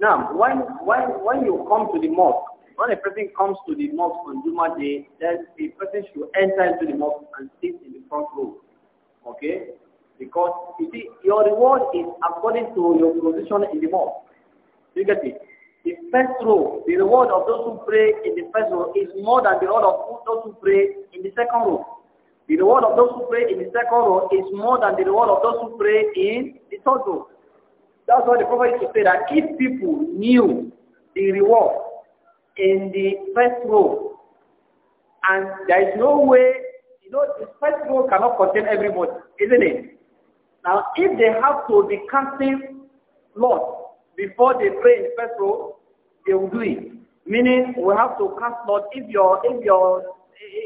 Now, when, when, when you come to the mosque, person comes to the mosque on Juma day, then a person should enter into the mosque and sit in the front row. Okay? Because you see, your reward is according to your position in the mosque. You get it? The first row, the reward of those who pray in the first row is more than the reward of those who pray in the second row. The reward of those who pray in the second row is more than the reward of those who pray in the third row. That's why the prophet used to say that if people knew the reward in the first row. And there is no way, you know, the first row cannot contain everybody, isn't it? Now, if they have to be casting lots before they pray in the first row, they will do it. Meaning, we have to cast lot. If you're, if you're,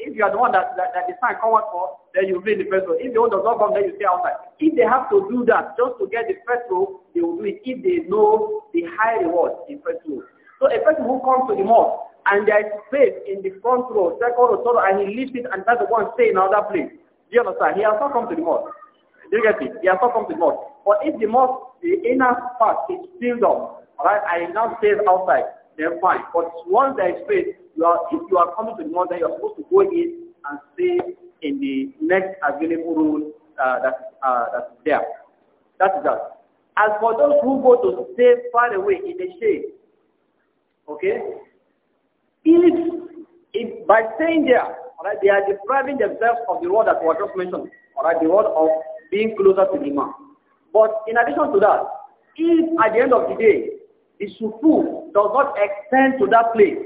if you are the one that, that, that the sign for, then you read the first row. If the one does not come, then you stay outside. If they have to do that just to get the first row, they will do it if they know the high reward in first row. So a person who comes to the mosque and there is space in the front row, second row, third row, and he leaves it and tries to go and stay in another place. Do you understand? He has not come to the mosque. Do you get it? He has not come to the mosque. But if the mosque, the inner part is filled up, alright, and he now stays outside, then fine. But once there is space, you are, if you are coming to the mosque, then you are supposed to go in and stay in the next available room uh, that, uh, that's there. That's that. As for those who go to stay far away in the shade, Okay? If, if by saying there, alright, they are depriving themselves of the word that was just mentioned, alright, the word of being closer to the Imam. But in addition to that, if at the end of the day, the sufu does not extend to that place,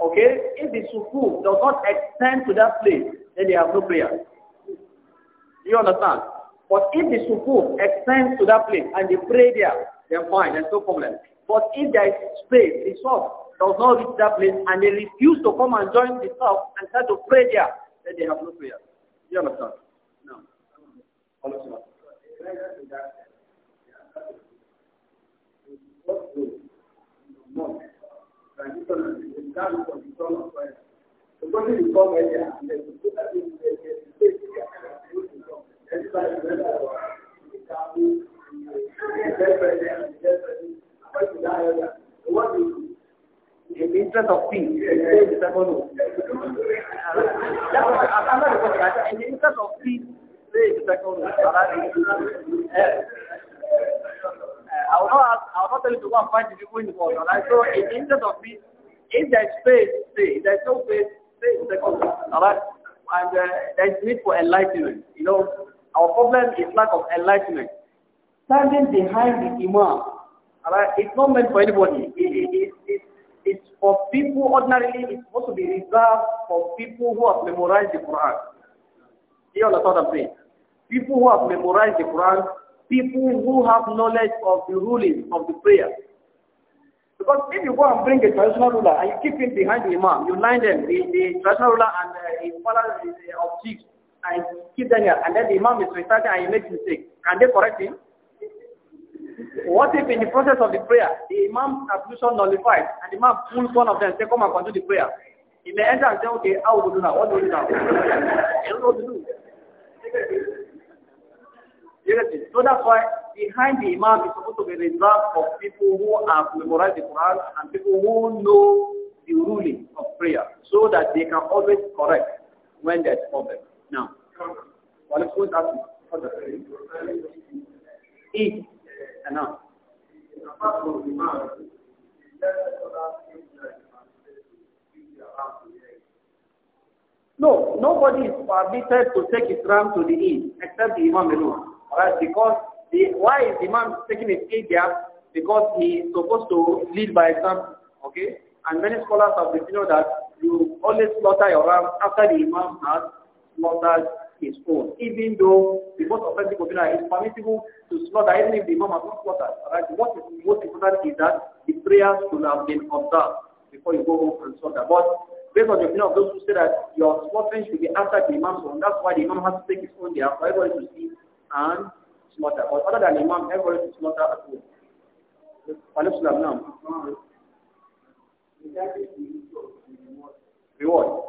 okay, if the sufu does not extend to that place, then they have no prayer. Do you understand? But if the sufu extends to that place and they pray there, then fine, there's no problem. But if there is space, the soft does not reach that place and they refuse to come and join the soft and start to pray there, then they have no prayer. Do you understand? No. Thank you. In the interest of peace, you say the second no. I'm not reporting. in the interest of peace, say the second no. I will not I will not tell you to go and find the people in the world. So in the interest of peace, if there is faith, say. there is no faith, say the second no. All right? And uh, there is need for enlightenment. You know, our problem is lack of enlightenment. Standing behind the imam Alright, it's not meant for anybody. It, it, it, it's for people, ordinarily, it's supposed to be reserved for people who have memorized the Quran. You understand what I'm saying? People who have memorized the Quran, people who have knowledge of the rulings of the prayer. Because if you go and bring a traditional ruler and you keep him behind the imam, you line them, the, the traditional ruler and uh, his father uh, of chiefs, and keep them here, and then the imam is reciting and he makes mistakes. Can they correct him? What if in the process of the prayer, the imam's ablution nullifies and the imam pulls one of them say, come and continue the prayer. He may enter and say, okay, how will do now? What do we do now? I <laughs> don't know what to do. So that's why behind the imam is supposed to be reserved for people who have memorized the Quran and people who know the ruling of prayer so that they can always correct when there's problem. Now, what is going to happen? Eat no, nobody is permitted to take his ram to the Eid except the Imam alone. Alright, because the, why is the Imam taking his Eid there? Because he is supposed to lead by example. Okay? And many scholars have been you know that you always slaughter your ram after the Imam has slaughtered his own, even though the most offensive opinion is permissible to slaughter, even if the Imam has not slaughtered. Right? What is most important is that the prayer should have been observed before you go home and slaughter. But based on the opinion of those who say that your slaughtering should be after the Imam's own, that's why the Imam has to take his own there for everybody to see and slaughter. But other than the Imam, everybody to slaughter at home. Reward.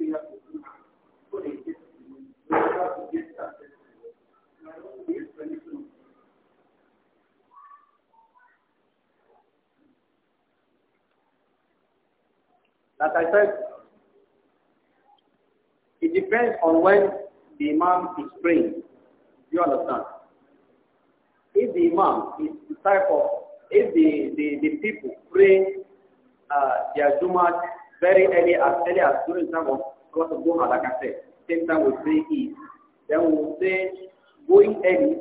Like I said, it depends on when the imam is praying. You understand? If the imam is the type of, if the, the, the people pray uh, their Jumat very early as early as during time of because of God, like I said, same time we say is. Then we will say going early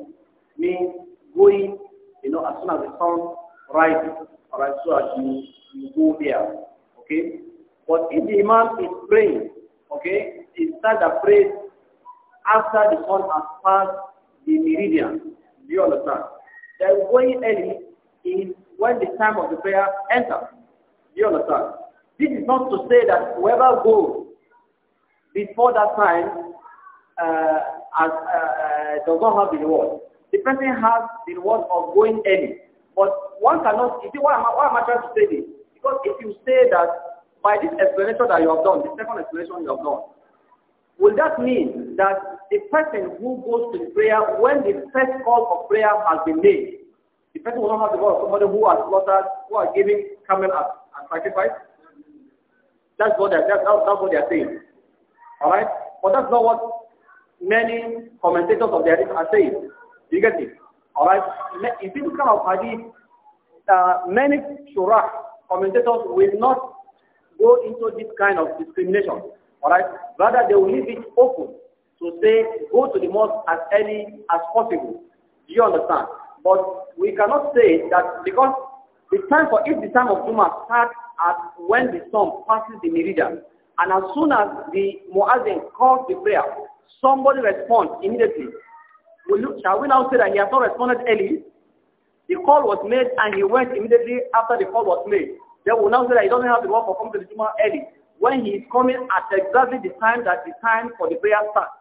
means going, you know, as soon as the sun rises, or as soon as you, you go there. Okay? But if the Imam is praying, okay, he starts the prayer after the sun has passed the meridian. Do you understand? Then going early is when the time of the prayer enters. Do you understand? This is not to say that whoever goes before that time uh, as, uh, uh does not have the reward. The person has the reward of going early. But one cannot, you see, why am, I, why am I trying to say this? Because if you say that by this explanation that you have done, the second explanation you have done, will that mean that the person who goes to the prayer when the first call for prayer has been made, the person will not have the reward of somebody who has slaughtered, who are giving camel as, as sacrifice? That's what, they're, that's what they are saying. All right? But that's not what many commentators of the hadith are saying. You get it? All right? In this kind of hadith, uh, many shura commentators will not go into this kind of discrimination. All right? Rather, they will leave it open to say, go to the mosque as early as possible. Do you understand? But we cannot say that because the time for if the time of Juma starts at when the sun passes the meridian, and as soon as the Muazzin calls the prayer, somebody responds immediately. Will you, shall we now say that he has not responded early? The call was made and he went immediately after the call was made. They will now say that he doesn't have the work for coming to the juma early. When he is coming at exactly the time that the time for the prayer starts.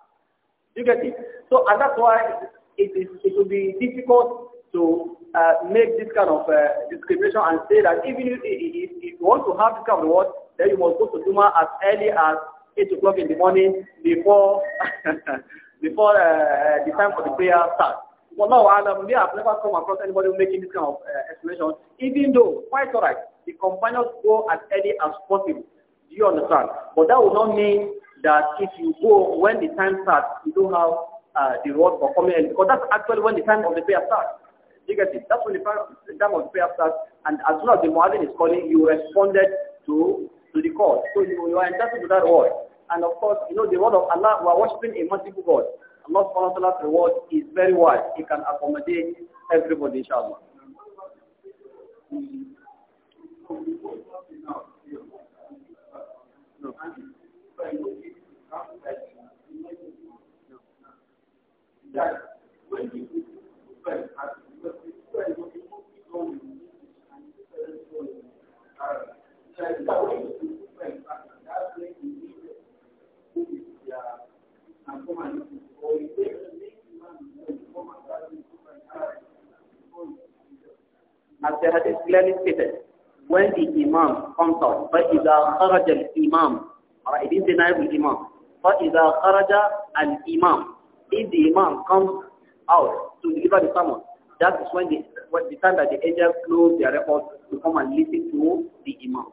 You get it? So and that's why it, is, it will be difficult to uh, make this kind of uh, discrimination and say that even if, if you want to have this kind of reward, then you must go to Juma as early as 8 o'clock in the morning before <laughs> before uh, uh, the time for the prayer starts. Well, no, Alam, we have never come across anybody making this kind of uh, explanation, even though, quite all right, the companions go as early as possible. Do you understand? But that would not mean that if you go when the time starts, you don't have uh, the reward for coming in, because that's actually when the time of the prayer starts. You get it? That's when the time of the prayer starts, and as soon as the Muazzin is calling, you responded to to the cause. So you, you are entitled to that reward. And of course, you know, the word of Allah, we are worshipping a multiple God. Allah subhanahu reward is very wide. It can accommodate everybody, inshallah. No. Yeah. No. As the hadith clearly stated, when the imam comes out, فَإِذَا خَرَجَ الْإِمَامِ Alright, it is the name of imam. فَإِذَا خَرَجَ الْإِمَامِ If the imam comes out to deliver the sermon, that is when the, when the time that the angels close their records to come and listen to the imam.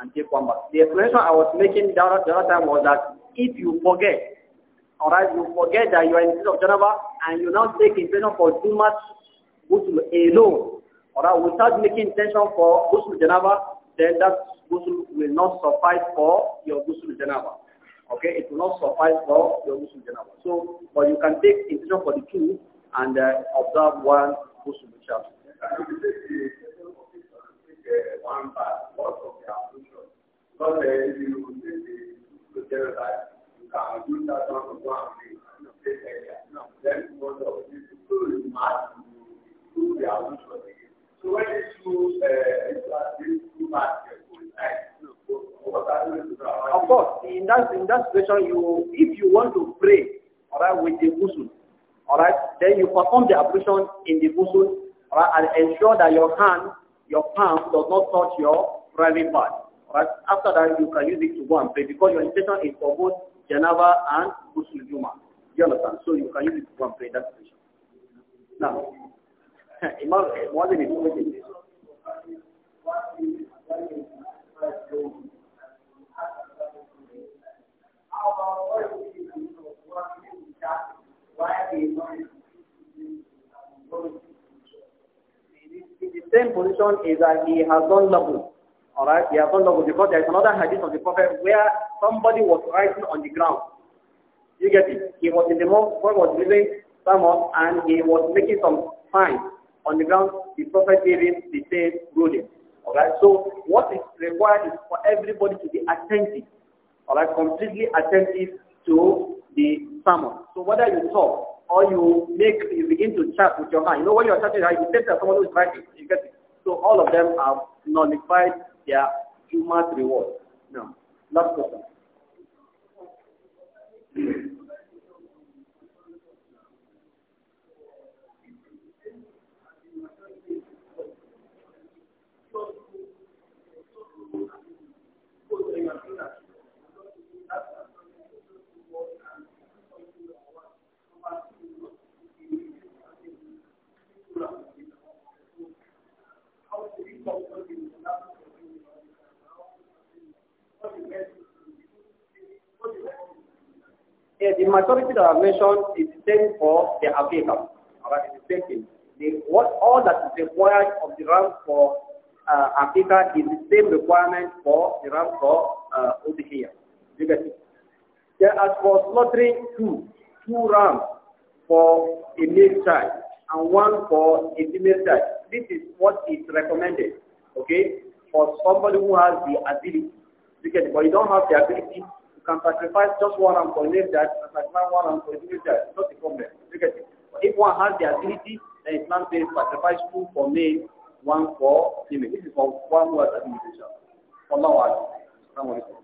and take one back. The explanation I was making the other, time was that if you forget, all right, you forget that you are in the state of Janaba and you now take intention for too much ghusl alone, all right, without making intention for ghusl Janaba, then that ghusl will not suffice for your ghusl Janaba. Okay, it will not suffice for your ghusl Janaba. So, but you can take intention for the two and uh, observe one ghusl Janaba. Eh, of course, in that in that situation, you if you want to pray, all right, with the ghusl, all right, then you perform the ablution in the ghusl, all right, and ensure that your hand, your palm, does not touch your private part. But after that, you can use it to go and pray because your intention is for both Janaba and Ghusl Juma. You understand? So you can use it to go and pray. That's the Now, imagine it. did he In the same position is that he has done level. All right, they are vulnerable because there is another hadith of the Prophet where somebody was writing on the ground. You get it? He was in the mosque, was living sermon, and he was making some signs on the ground. The Prophet gave him the same ruling. All right, so what is required is for everybody to be attentive. All right, completely attentive to the sermon. So whether you talk or you make, you begin to chat with your hand. You know when you are chatting, you say that someone who is writing. You get it? So all of them are nullified their human reward. Now, last question. Yeah, the majority that I mentioned is the same for the Aqiqah. Alright, it's the same thing. The, what, all that is required of the ram for uh, Africa is the same requirement for the ram for uh, over here. You get it? Then as for slaughtering two, two ram for a male child and one for a female child, this is what is recommended, okay, for somebody who has the ability. You get it? But you don't have the ability can sacrifice just one arm for left that, and sacrifice one arm for left that. It's not a problem. You get it? But if one has the ability, then Islam says sacrifice two for male, one for female. This is for one word that we Allah Allah.